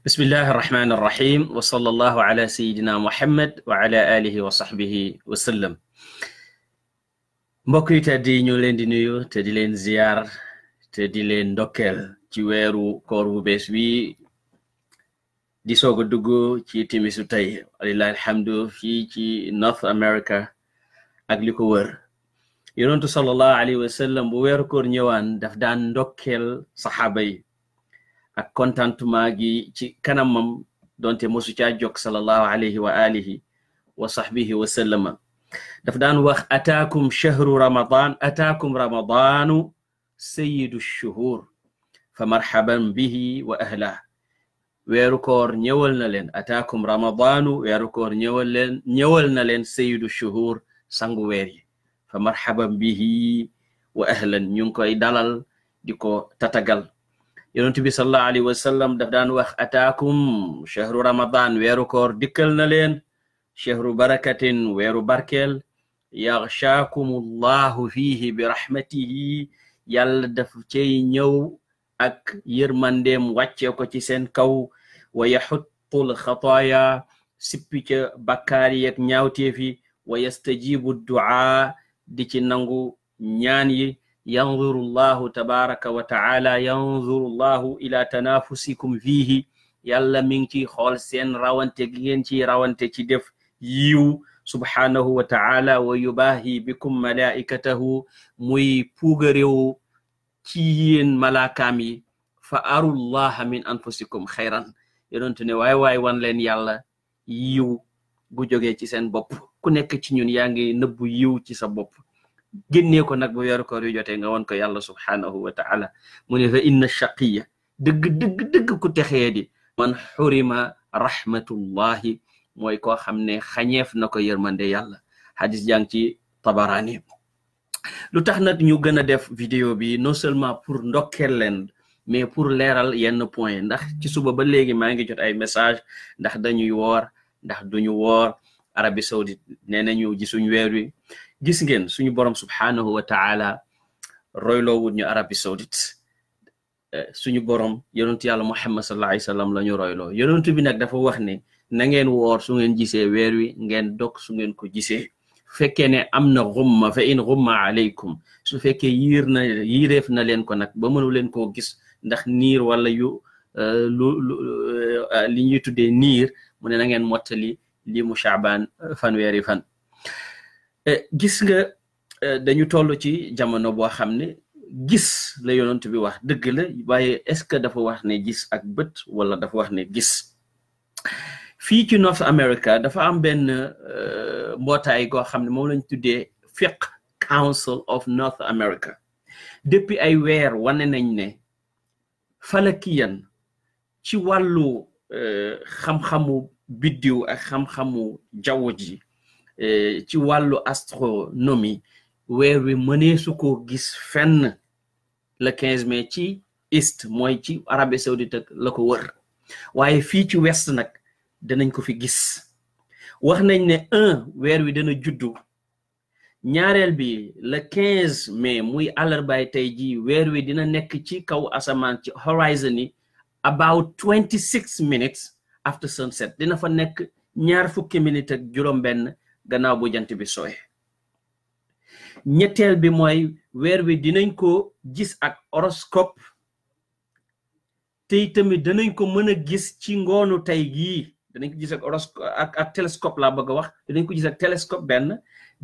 bismillahi irrahmani irrahim wa sallallahu ala sayidina muhammad wa ala alihi wa sahbihi wa sallam mbokk yi tedd yi ñu leen di nuyu te di leen ziyaar te di leen ndokkeel ci weeru koor bu bees wi di soog a dugg ci timisu tey walilahi alhamdu fii ci North America ak li ko wër yonentu sallallahu alayhi wa sallam bu weeru koor ñëwaan daf daan ndokkeel saxaaba yi ak contentement gi ci kanamam donte mosu caa jokk sallallahu alayhi wa alihi wa sahbihi wa sallama daf daan wax ataakum chahru ramadan ataakum ramadanu sayidu shuhur fa marhaban bihi wa ahlah weeru koor ñëwal leen ataakum ramadanu weeru koor ñëwal leen ñëwal na leen sayidu shuhur sangu weer fa marhaban bihi wa ahlan ñu ngi koy dalal di ko tatagal yonent bi sallallahu daan wax ataakum chehru ramadan weeru koor dikkal na leen chehru barakatin weeru barkeel yaxshaakum allahu fihi bi rahmatihi yàlla daf cey ñëw ak yërmandeem wàcce ko ci seen kaw wa yaxuttul xataaya sippi ca bakkaar yeeg ñaawteefi wa yastajibu duaa di ci nangu ñaan yi yanzuru llahu tabaraka wa taala yanzuru llahu ila tanafusikum fiihi yàlla mi ngi ciy xool seen rawante gi ngeen ciy rawante ci def yiw subhaanahu wa taala wa yubaahi bikum malaikatahu muy puugaréwu ci yéen malaakaam yi fa aru llaha min anfusikum xayran yonentu ne waay wan leen yàlla yiw gu jógee ci seen bopp ku nekk ci ñun yaa ngi nëbbu yiw ci sa bopp génnee ko nag bu weeru koor yu jotee nga won ko yàlla subhaanahu wa taala mu ne fa inna shaqiya dëgg dëgg dëgg ku texee di man xurima rahmatullahi mooy koo xam ne xañeef na ko yërmande yàlla xadis jàng ci tabaraani lu tax na ñu gën a def vidéo bi non seulement pour ndokkeel leen mais pour leeral yenn point ndax ci suba ba léegi maa ngi jot ay message ndax dañuy woor ndax duñu woor Arabie Saoudite nee nañu gisuñ weer wi gis ngeen suñu borom subhanahu wa taala royloowut ñu Arabie Saoudite eh, suñu borom yonentu yàlla Muhammad sallallahu alayhi wasallam la ñu royloo yonentu bi nag dafa wax ne na ngeen woor su ngeen gisee weer wi ngeen dog su ngeen ko gisee fekkee ne am na xumma fa in xumma su fekkee yiir na yiireef na leen ko nag ba mënu leen koo gis ndax niir walla yu eh, lu eh, li ñuy tuddee niir mu ne na ngeen mottali li mu caabaan fanweeri fan Eh, gis nga eh, dañu toll ci jamono boo xam ne gis la yonent bi wax dëgg la waaye est-ce que dafa wax ne gis ak bët wala dafa wax ne gis fii ci North America dafa am benn eh, mbootaay goo xam ne moom lañ tuddee Fiqh Council of North America dëppi ay weer wane nañ ne falakiyan ci wàllu xam-xamu biddiw ak xam-xamu jaww ji Eh, ci wàllu astronomie weer wi mënee ko gis fenn le quinze mai ci east mooy ci Arabie Saoudite ak la ko wër waaye fii ci west nag danañ ko fi gis wax nañ ne un weer wi dana juddu ñaareel bi le quinze mai muy àllarbaay tey ji weer wi dina nekk ci kaw asamaan ci horizon yi about twenty six minutes after sunset dina fa nekk ñaar fukki minutes juróom benn gannaaw bu jant bi sooy ñetteel bi mooy weer wi dinañ ko gis ak horoscope tey tamit danañ ko mën a gis ci ngoonu tey gii danañ ko gis ak horoscope ak ak télescope bëgg wax danañ ko gis ak télescope benn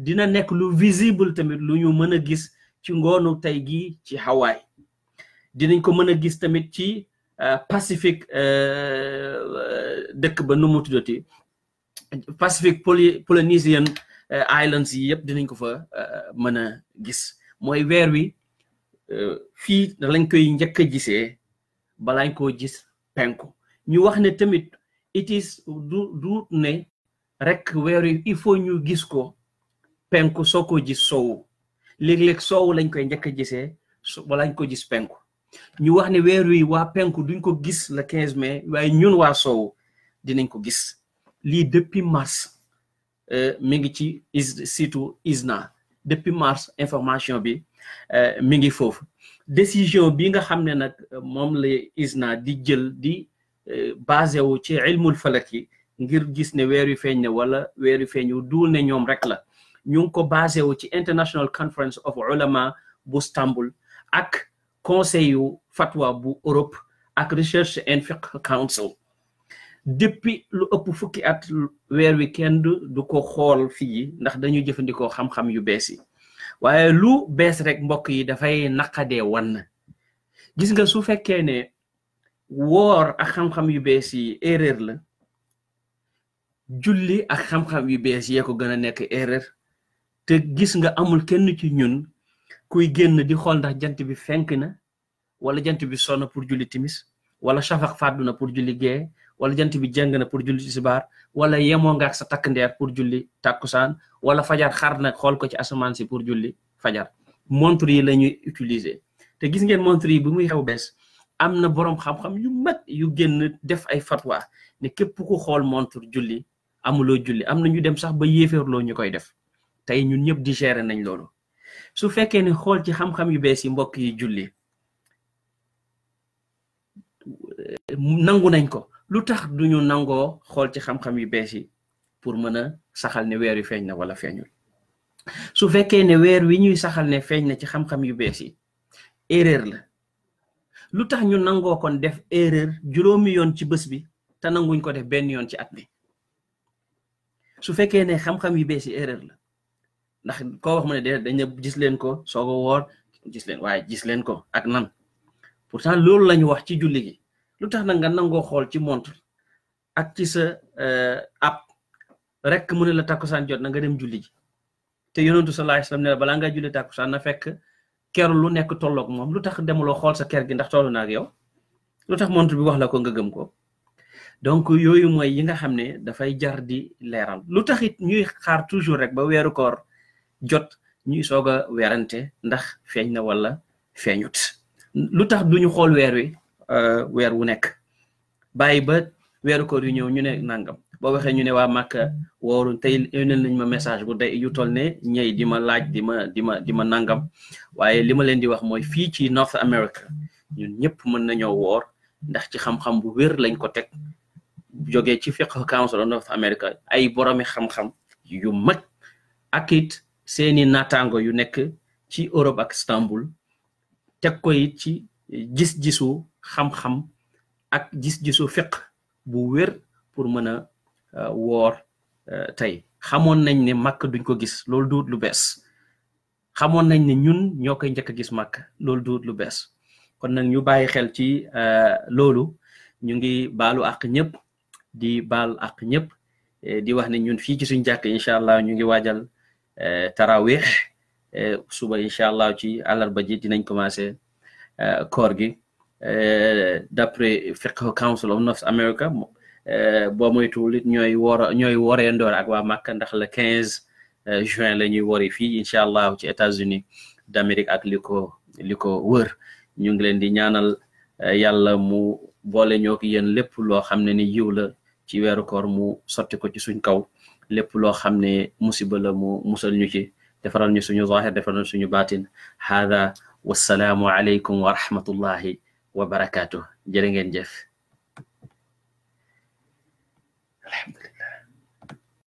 dina nekk lu visible tamit lu ñu mën a gis ci ngoonu tey gii ci Hawaii dinañ ko mën a gis tamit ci euh, Pacifique euh, dëkk ba nu mu tuddati Pacific Polynesian eh, Islands yi yëpp dinañ ko fa eh, mën a gis mooy weer wi eh, fii lañ koy njëkk a gisee balaañ koo gis penku ñu wax ne tamit it is du du ne rek weer wi il faut ñu gis ko penku soo ko gis soowu léeg-léeg soowu lañ koy njëkk a gisee balaañ ko gis penku ñu wax ne weer wi waa penku duñ ko gis le 15 mai waaye ñun waa soowu dinañ ko gis lii depuis mars euh, mi ngi ci surtout ISNA depuis mars information bi euh, mi ngi foofu décision bi nga xam ne nag moom la ISNA di jël di euh, basé wu ci ilmul falak yi ngir gis ne weer yu feeñ ne wala weer yu feeñ wu duul ne ñoom rek la ñu ngi ko basé wu ci international conference of ulama bu Istanbul ak conseil yu fatwa bu Europe ak research and fiqh council depuis lu ëpp fukki at weer wi kenn du ko xool fii ndax dañuy jëfandikoo xam-xam yu bees yi waaye lu bees rek mbokk yi dafay naqadee wan gis nga su fekkee ne woor ak xam-xam yu bees yi erreur la julli ak xam-xam yu bees yee ko gën a nekk erreur te gis nga amul kenn ci ñun kuy génn di xool ndax jant bi fenk na wala jant bi sonn pour julli timis wala shafaq fàddu na pour julli gee wala jant bi jeng na pour julli tisbaar wala yemoo ak sa takk ndeer pour julli tàkkusaan wala fajar xar nag xool ko ci asamaan si pour julli fajar montre yi la ñuy utiliser te gis ngeen montre yi bu muy xew bees am na boroom xam-xam yu mag yu gën def ay fatwa ne képp ku xool montre julli amuloo julli am na ñu dem sax ba yéeféerloo ñu koy def tey ñun ñëpp digéré nañ loolu su fekkee ne xool ci xam-xam yu bees yi mbokk yi julli nangu nañ ko lu tax duñu nangoo xool ci xam-xam yu bees yi pour mën a saxal ne weer wi feeñ na wala feeñul su fekkee ne weer wi ñuy saxal ne feeñ na ci xam-xam yu bees yi erreur la lu tax ñu nangoo kon def erreur juróomi yoon ci bés bi te nanguñ ko def benn yoon ci at bi su fekkee ne xam yu bees yi erreur la ndax ko wax mu ne déedéet dañ gis leen ko soogo a woor gis leen waaye gis leen ko ak nan pour pourtant loolu lañu wax ci julli gi lu tax nag nga nangoo xool ci montre ak ci sa eh, app rek mu ne la takkusaan jot na nga dem julli ji te yonentu sallallahu alayhi wasallam ne la balaa ngaa julli takkusaan na fekk ker lu nekk tolloog moom lu tax demuloo xool sa ker gi ndax tollu na ak yow lu tax montre bi wax la ko nga gëm ko donc yooyu mooy yi nga xam ne dafay jar di leeral lu tax it ñuy xaar toujours rek ba weeru koor jot ñuy soog a weerante ndax feeñ na walla feeñut lu tax duñu xool weer wi Euh, weer wu nekk bàyyi ba weeru koor yu ñëw ñu ne nangam boo waxee ñu ne waa Màkka wooru tey yónnee nañ ma message bu de yu toll ne ñëy di ma laaj di ma di ma di ma nangam waaye li ma leen di wax mooy fii ci North America ñun ñëpp mën na nañoo woor ndax ci xam-xam bu wér lañ ko teg jógee ci fiqh council of North America ay boromi xam-xam yu mag ak it seeni naataango yu nekk ci Europe ak Istanbul teg ko ci gis-gisu xam-xam ak gis-gisu fiq bu wér pour mën a euh, woor euh, tey xamoon nañ ne màkk duñ ko gis loolu duut lu bees xamoon nañ ne ñun ñoo koy njëkk a gis màkk loolu duut lu bees kon nag ñu bàyyi xel ci euh, loolu ñu ngi baalu àq ñëpp di baal àq ñëpp eh, di wax ne ñun fii ci suñ jàkk incha allah ñu ngi waajal tarawih eh, suba incha allah ci àllarba ji dinañ commencé koor eh, gi eh, d'après fiqhu council of North America eh, boo moytuwul it ñooy woor ñooy wooree ndoor ak waa Màkka ndax le quinze juin la ñuy woori fii incha allah ci États-Unis d'Amérique ak li ko li ko wër ñu ngi leen di ñaanal yàlla mu boole ñoo ki yéen lépp loo xam ne ni yiw la ci weeru koor mu sotti ko ci suñ kaw lépp loo xam ne musiba la mu musal ñu ci defaral ñu suñu zahir defaral suñu baatin wasalaamu aleykum wa rahmatullahi wa barakaatu jërë ngeen jëf alhamdulillah